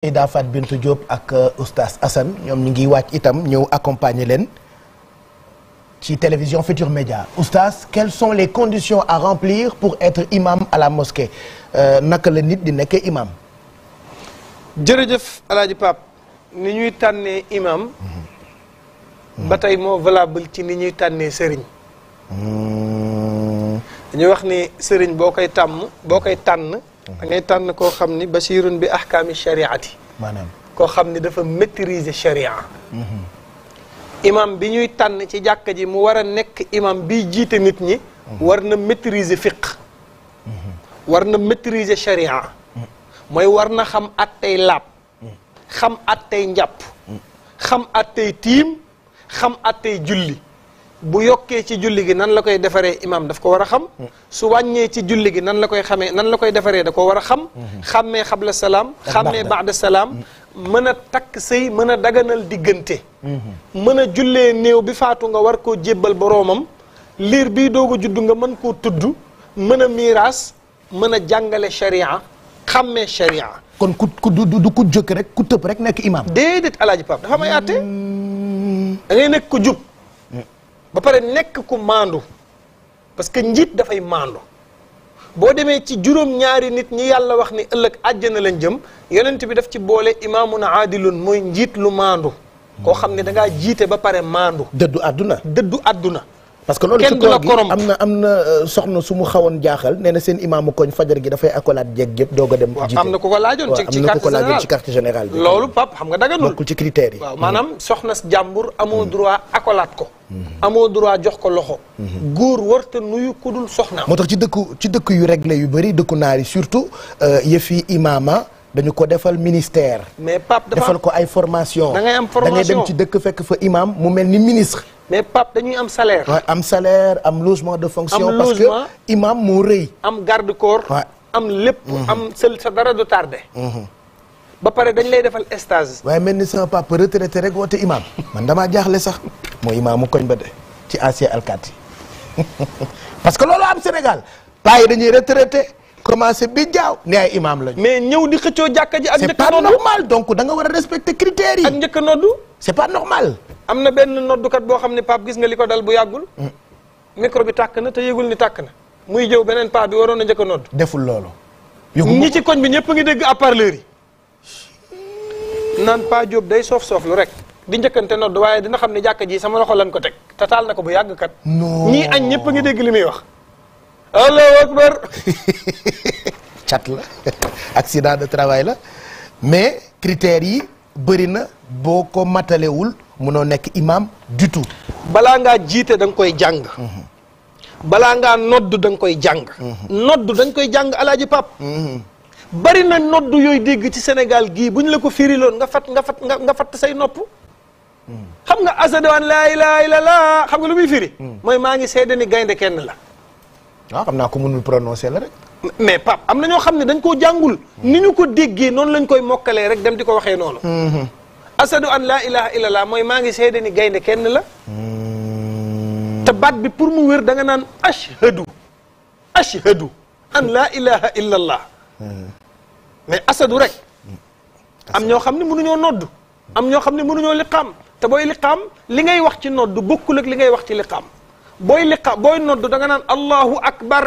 Ida Fat Bintou Diop ak euh, oustaz Assane ñoom ñu ngi wàcc itam ñëw accompagner leen ci télévision Futur Média oustaz quelles sont les conditions à remplir pour être imam à la mosquée euh, naka la nit di nekkee imam. jërëjëf El Hadj Pape ni ñuy tànnee imam. Mm-hmm. ba tey moo valable ci ni ñuy tànnee sëriñ. Mm-hmm. dañuy wax ni sëriñ boo koy tàmm boo koy tànn. ngay tànn koo xam ni basirun bi ahkaami shariati maanaam koo xam ni dafa maîtriser sharia mhm. imam bi ñuy tànn ci jàkka ji mu war a nekk imam biy jiite nit ñi mhm. war na maîtriser fiq mhm. war na maîtriser sharia mooy war na xam attey laab xam attey njàpp xam attey tiim xam attey julli bu yokkee ci julli gi nan la koy defaree imaam daf ko war a xam mm. su wàññee ci julli gi nan la koy xamee nan la koy defaree da ko war a xam mm-hmm. xàmmee xabla salaam xàmmee baada salaam mm-hmm. mën a takk sëy mën a daganal diggante mm-hmm. mën a jullee néew bi faatu nga war koo jébbal boroomam liir bi doog a judd nga mën koo tudd mën a miiraas mën a jàngale sharia xàmmee sharia kon ku ku du ku jëkk rek ku tëb rek nekk imam déedéet alaaji Pape dafa may àtte mm. da ngay ba pare nekk ku maandu parce que njiit dafay maandu boo demee ci juróom-ñaari nit ñi yàlla wax ni ëllëg àjjana lañ jëm yonent bi daf ci boole imaamun aadilun mooy njiit lu maandu. koo xam ne da ngaa jiite ba pare maandu. dëddu àdduna dëddu àdduna. parce que loolu ci koor gi am na am na euh, soxna su mu xawoon jaaxal nee na seen imaamu koñ fajar gi dafay accolade jeeg yëpp doog a dem jiite am na ku ko laajoon ci carte générale bi loolu pap xam nga daganul bokkul ci critères yi maanaam mm-hmm. soxna jàmbur amoo mm-hmm. droit accolade ko mm-hmm. amoo droit jox ko loxo góor warta nuyu ku dul soxna moo tax ci dëkku ci dëkk yu réglé yu bëri dëkku naar yi surtout euh, yëfi imaama dañu ko defal ministère mais pap defal ko ay formation da ngay am formation da dem ci dëkk fekk fa imam mu mel ni ministre mais Pape dañuy am salaire. waaw am salaire am de fonction. am parce que imam moo rëy. am garde corps. am lépp. Mhm. am sa sa dara du tardé. Mhm. ba pare dañ lay defal stage. waaye mel ni sama papa retraité rek woote imam man damaa jaaxle sax moo imaamu koñ ba de ci ancien alkaati parce que loolu am Sénégal paa dañuy retraité. commencé bi jaaw ne ay imam lañu. mais ñëw di xëccoo jàkka ji ak. njëkk a noddu c'est pas normal donc da war a respecter critères yi. ak njëkk a noddu. c'est am na benn noddukat boo xam ne Pape gis nga li ko dal bu yàggul. Hmm. micro bi tàkk na te yëgul ni tàkk na. muy jëw beneen Pape bi waroon na njëkk a noddu. deful loolu. ñi ci koñ bi ñëpp ngi dégg haut-parleur yi. naan paa joob day soof soof lu rek. di njëkkante nodd waaye dina xam ne jàkka ji sama loxo lan ko teg te taal na ko bu yàgg kat. non añ ñëpp ngi dégg li muy wax. cat la accident de travail la mais critères yi bëri na boo ko matalewul mënoo nekk imam du tout balaa ngaa jiite danga koy jàng mhm. balaa ngaa nodd da koy jàng mhm. nodd dañ koy jàng alaaji pap mhm. bari na nodd yooyu dégg ci Sénégal gii bu ñu la ko firiloon nga fat nga fat nga fat say nopp xam nga asadewaan laa ilaaha illallaah xam nga lu muy firi mooy maa ngi seede gaynde kenn la waaw ah, xam naa ko mënul prononcer la rek. mais Pape am na ñoo xam ne dañ koo jàngul. ni ñu ko déggee noonu lañ koy mokkalee rek dem di ko waxee noonu. Mm-hmm. asadu an laa ilaha illallah mooy maa ngi seede ni gaynde kenn la. Mm-hmm. te baat bi pour mu wér da nga naan ashhadu ashhadu an laa ilaha illallah. Mm-hmm. mais asadu rek. am ñoo xam ne ñoo nodd. am ñoo xam ne mënuñoo liqaam te booy liqaam li ngay wax ci nodd bokkul ak li ngay wax ci liqaam. booy liqa booy nodd da nga naan allahu akbar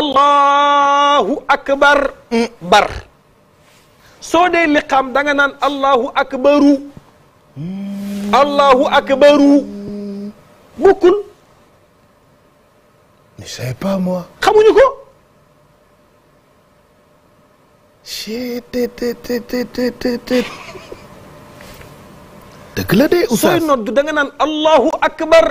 allahu akbar mm, bar soo dee liqaam da nga naan allahu akbaru allahu akbaru bukkul je sais pas moi xamuñu ko dëgg la de oustaz sooy nodd da nga naan allahu akbar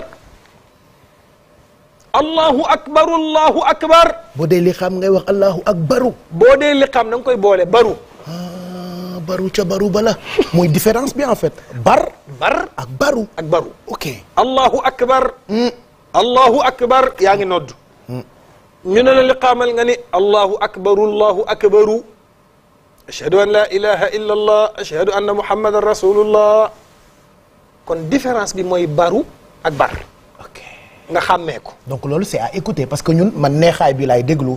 allahu akbaru allahu akbar boo dee li xam ngay wax allahu akbaru boo dee li xam koy boole baru ah, baru ca baru bala mooy différence bi en fait bar bar ak baru ak baru ok allahu akbar hmm. yaa ngi nodd hmm. ñu ne la li xaamal nga ni allahu akbaru allahu akbaru ashhadu an la ilaha allah ashhadu anna muhammadan rasulullah kon différence bi mooy baru nga xàmmee ko. donc loolu c'est à écouter parce que ñun man neexaay bi laay déglu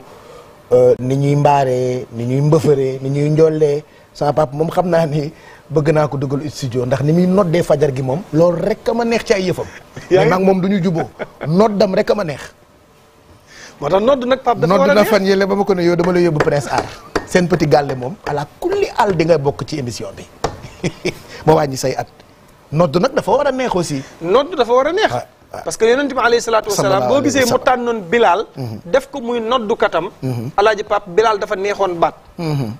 euh, ni ñuy mbaaree ni ñuy mbëfëree ni ñuy njollee sama papa moom xam naa ni bëgg naa ko dugal studio ndax ni muy noddee fajar gi moom. loolu rek a ma neex ci ay yëfam. mais moom du ñu juboo noddam rek a ma neex. moo tax nodd nag Pape dafa war a neex nodd ba ma ko ne yow dama lay yóbbu Prince Art seen petit gàlle moom ala àll di nga bokk ci émission bi ma wàññi say at nodd nag dafa war a neex aussi. nodd dafa war a neex. parce que yonent bi alayhi salaatu wasalaam boo gisee mu tànnoon Bilal. Mhm. def ko muy noddukatam. Mhm. alaaji Pape Bilal dafa neexoon baat. Mhm.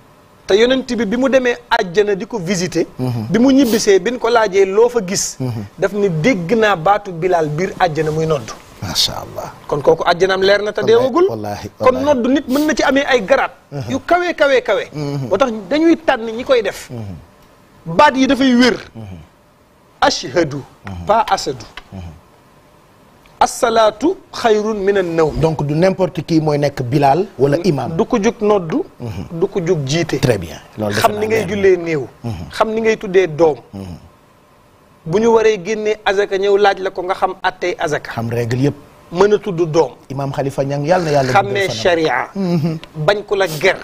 te yonent bi bi mu demee àjjana di ko visité. bi mu ñibbisee bi ñu ko laajee loo fa gis. daf ni dégg naa baatu bilaal biir àjjana muy nodd macha allah kon kooku àjjanaam leer na te deewagul kon nodd nit mën na ci amee ay garaat. yu kawe kawe kawe. moo tax dañuy tànn ñi koy def. baat yi dafay wér. ashhadu pas asadu. asalaatu xayrun min an nawm donc du n'importe kii mooy nekk bilaal wala mm-hmm. imam du ko jug nodd mm-hmm. du ko jug jiite très bien xam ni ngay jullee néew mm-hmm. xam ni ngay tuddee doom bu ñu waree génnee azaka ñëw laaj la ko nga xam attey azaka xam règle yëpp mën a tudd doom imaam Khalifa Niang yàlla na yàlla xamee sharia bañ ku la ger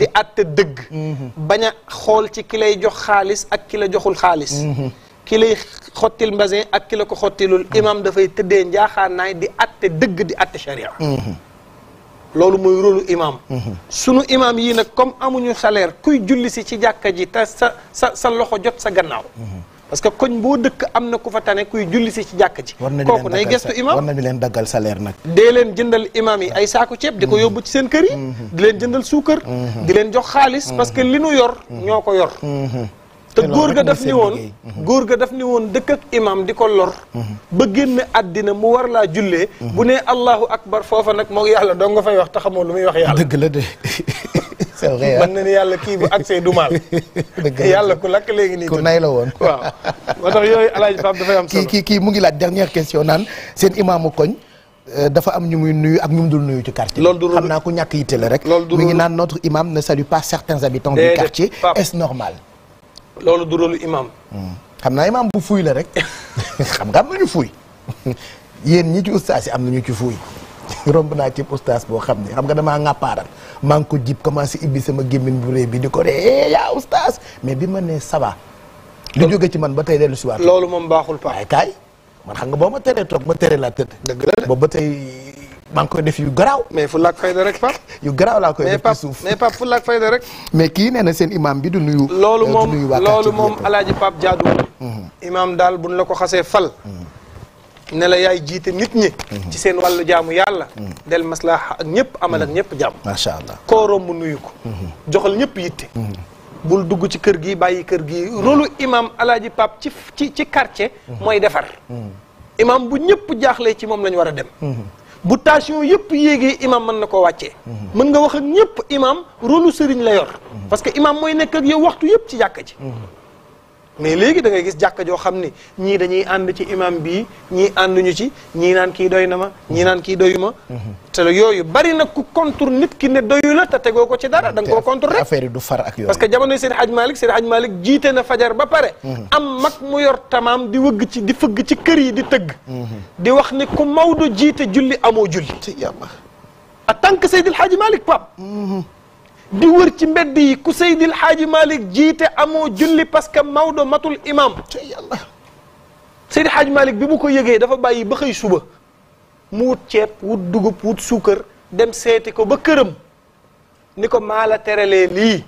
di atte dëgg bañ a xool ci ki lay jox xaalis ak ki la joxul xaalis ki xottil mbasin ak ki ko xottilul imam dafay tëddee njaaxaanaay di atte dëgg di atte sharia mhm. loolu mooy rôlu imam mhm. sunu imaam yii nag comme amuñu salaire kuy julli si ci jàkka ji te sa sa sa loxo jot sa gannaaw mhm. parce que koñ boo dëkk am na ku fa tane kuy julli si ci jàkka ji ko kooku nay gestu imam war nañu leen daggal salaire nag dee leen jëndal imam yi ay saaku ceeb di ko yóbbu ci seen kër yi di leen jëndal suukar di leen jox xaalis parce li nu yor ñoo ko yor te mhm. góor ga daf ni woon góor daf ni woon dëkk ak imam di ko lor mhm. ba génn àddina mu war laa jullee mhm. bu nee allahu akbar foofa nag moo yàlla doo nga fay wax te xamoo lu muy wax yàlla dëgg la de c'est ah. na ni yàlla kii bu accès du maal yàlla ku lakk léegi nii ku nay la woon waaw moo tax yooyu alaaji Pape dafay am solo kii kii mu ngi laaj dernière question naan seen imaamu koñ euh, dafa am ñu muy nuyu ak ñu mu dul nuyu ci quartier loolu du xam naa ku ñàkk yitte la rek mi ngi naan notre imam ne salue pas certains habitants du quartier est-ce normal loolu du rôle imam. Hmm. xam naa imam bu fuy la rek xam nga am nañu fuy yéen ñi ci ustaas yi am nañu ci fuuy romb naa ci ustaas boo xam ne xam nga damaa ŋàppaaral maa ngi ko jib commencé ibbi sama gémmiñ bu rëy bi di ko ree eh, yaa ustaas mais bi ma nee saba va lu jóge ci man ba tey dellu si loolu moom baaxul paa kaay man xam nga boo ma teree toog ma tere laa tëdd dëgg boobu ba tey maa ngi def yu garaaw. mais fu laak fayda rek pap yu garaaw laa koy def ci suuf mais pap fu laak fayda rek. mais kii nee na seen imam bi du nuyu. Euh, du loolu moom loolu moom alaaji pap jaaduwul. Mhm. imam daal bu buñ la ko xasee fal. ne la yaay jiite nit ñi. Mhm. ci seen wàllu jaamu yàlla. Mhm. del maslaha ak ñëpp amal ak ñëpp jàmm. macha allah koo romb nuyu ko. joxal ñëpp yitte. bul dugg ci kër gi bàyyi kër gi rolu imam alaaji pap ci ci ci quartier. mooy defar. imam bu ñëpp jaaxlee ci moom la ñu war a dem. bu tension yëpp yéegee imam mën na ko wàccee mën nga wax ak ñëpp imam rôlu sëriñ la yor parce que imam mooy nekk ak yow waxtu yëpp ci jàkka ji mais léegi dangay gis jàkka joo xam ni ñii dañuy ànd ci imam bii ñii ànduñu ci ñii naan kii doy na ma ñii naan kii doyu ma te yooyu bari na ku contre nit ki ne doyu la te tegoo ko ci dara da nga koo contour rek affaire du far ak yooyu parce que jamono Seydi Hadj Malick Seydi Hadj Malick jiite na fajar ba pare mhm. am mag mu yor tamaam di wëgg ci di fëgg ci kër yi di tëgg mhm. di wax ni ku Maodo jiite julli amoo julli yàlla en tant que Seydil Hadj Malick Pape mhm. di wër ci mbedd yi ku Seydil Hadji malik jiite amoo julli parce que Maodo matul imam te yàlla Seydil bi mu ko yëgee dafa bàyyi ba xëy suba mu wut ceeb wut dugub wut suukar dem seeti ko ba këram ni ko maa la terelee lii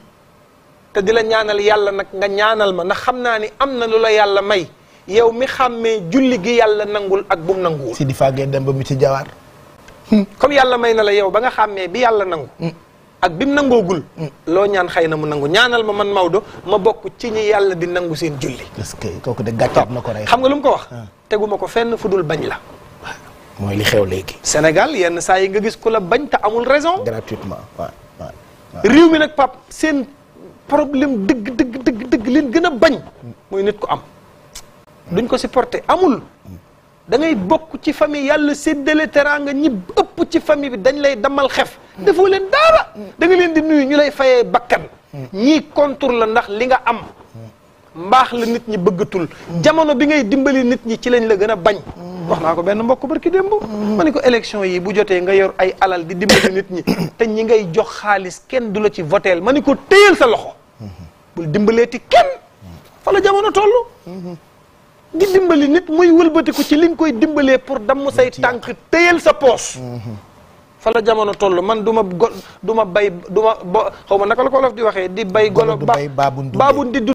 te di la ñaanal yàlla nag nga ñaanal ma ndax xam naa ni am na lu la yàlla may yow mi xàmmee julli gi yàlla nangul ak bum nanguwul. si di fàggee dem ba mu ci jawaar. Hmm. comme yàlla may na la yow ba nga xàmmee bi yàlla nangu. Hmm. ak bi mu nangoogul loo ñaan xëy na mu nangu ñaanal ma man Maodo ma bokk ci ñi yàlla di nangu seen julli. que kooku de gàccaat na ko rey. xam nga lu mu ko wax. Ah. teguma ko fenn fu bañ la. mooy li xew léegi. Sénégal yenn saa yi nga gis ko la bañ te amul raison. gratuitement waaw waaw. réew mi nag pap seen problème dëgg dëgg dëgg dëgg leen gën a bañ. mooy nit ko am. duñ ko supporter amul. Mm. da bokk ci famille yàlla séddale teraanga ñib ëpp ci famille bi dañ lay damal xef defoo leen dara da leen di nuyu ñu lay fayee bakkan ñii contour la ndax li nga am mbaax la nit ñi bëggatul jamono bi ngay dimbali nit ñi ci lañ la gën a bañ wax naa ko benn mbokk barki démb ma ne ko élection yi bu jotee nga yor ay alal di dimbali nit ñi te ñi ngay jox xaalis kenn du la ci voteel ma ni ko téyal sa loxo bul dimbalee ti kenn fa jamono toll di dimbali nit muy wëlbatiku ci li nga koy dimbalee pour damm say tànk téyal sa poos mhm. fa la jamono toll man duma go duma bay du ma bo xaw naka la ko olof di waxee di bay golo baabun di